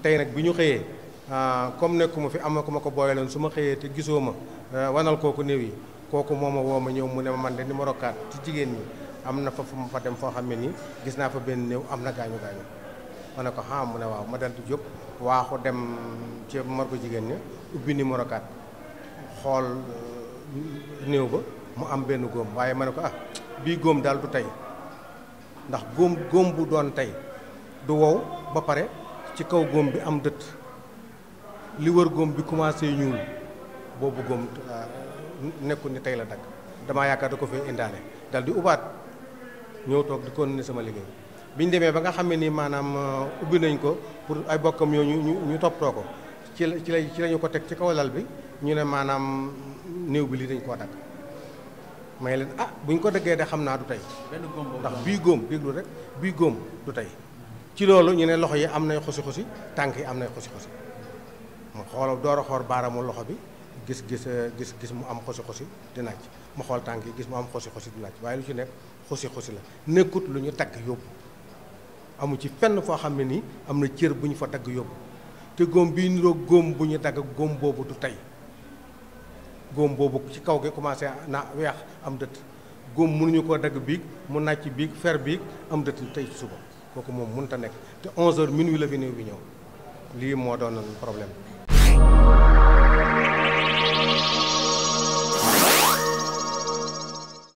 tey nag bi ñu xëyee ah, comme nekkuma fi am na ku ma ko booyaloon su ma xëyee te gisoo ma eh, wanal kooku néew yi kooku moo ma woo ma ñëw mu ne ma man de numéro 4 ci jigéen ñi am na fa fu mu fa dem foo xam ne nii gis naa fa benn néew am na gaañu gaañu ma ne ko ah mu ne waaw ma dal di jóg waaxu dem ci ko jigéen ñi ubbi numéro 4 xool eh, néew ba mu am benn góom waaye ma ne ko ah bii góom daal du tey ndax góom góom bu doon tey du wow ba pare. ci kaw góom bi am dëtt li wër góom bi commencé ñuul boobu góom ah, nekkul ni tey la dagg damaa yaakaar da ko fee indaale dal di ubaat ñëw toog di continuer sama liggéey bi demee ba nga xam ne nii maanaam uh, ubbi nañ ko pour ay bokkam yoo ñu ñu toppatoo ko ci la ci la ci lañu ko teg ci kaw lal bi ñu ne maanaam néew bi lii dañ koo dagg may leen ah bu ñu ko dëggee de xam naa du tey ndax bii góom déglu rek bii góom du tey ci loolu ñu ne loxo yi am nay xosi xosi tànk yi am nay xosi xosi mu xool door xool baaraamu loxo bi gis gis euh, gis gis mu am xosi xosi di naaj mu xool tànk yi gis mu am xosi xosi di naaj waaye lu ci nekk xosi xosi la nekkut lu ñu dagg yóbbu amu ci fenn foo xam ne nii am na cër bu ñu fa dagg yóbbu te góom bii niroo góom bu ñu dagg góom boobu du tey góom boobu ci kaw gi commencé na weex am dëtt góom mënuñu ko dagg biig mu nàcc biig fer biig am dëtt tey ci suba kooku moom mënut a nekk te 11h minuit la fi néew bi ñëw lii moo doon problème